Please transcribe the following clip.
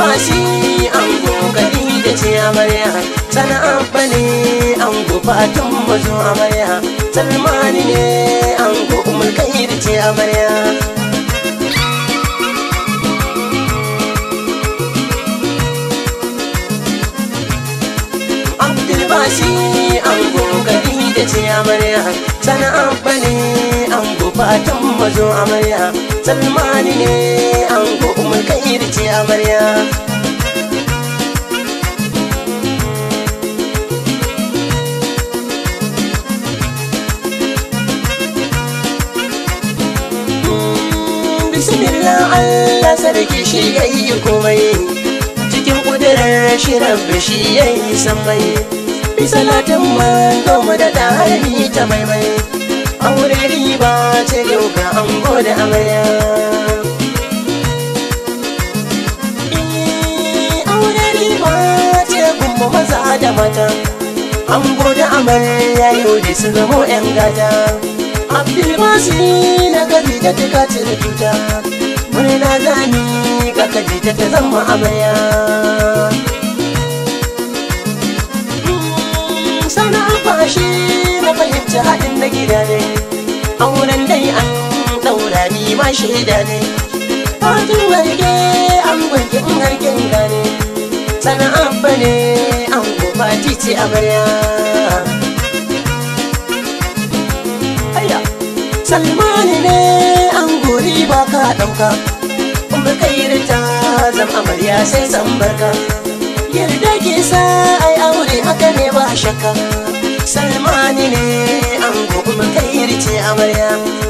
albashi an gogari da ce amarya sana'an bane an tun mazo amarya salmani ne an gogumulkai da ce amarya albashi an gogari da ce amarya sana'an bane an tun mazo amarya talmani ne an mun kan yi ce amarya mm, bismillah Allah sarki shi ya yi komai cikin kudirar shi rabbi shi ya yi sammai bisalatin man goma da tarihi ta maimai aure riba ce yau ga ango da amarya mu maza da mata an gode amarya yau da su zama yan gata abdulbasi na gari da duka da tuta murna zani ka kaji ta ta zama amarya hmm, sana'ar fashi na fahimci haɗin na gida ne auren dai an ɗaura ni ma shaida ne fatin warge an gwanke in harkin gane sana abba ne an goba titi salmani ne an gori ba ka ɗauka umar kairi ta zama amarya sai san barka yarda ke sa ai aure haka ne ba shakka salmani ne an gobe a amarya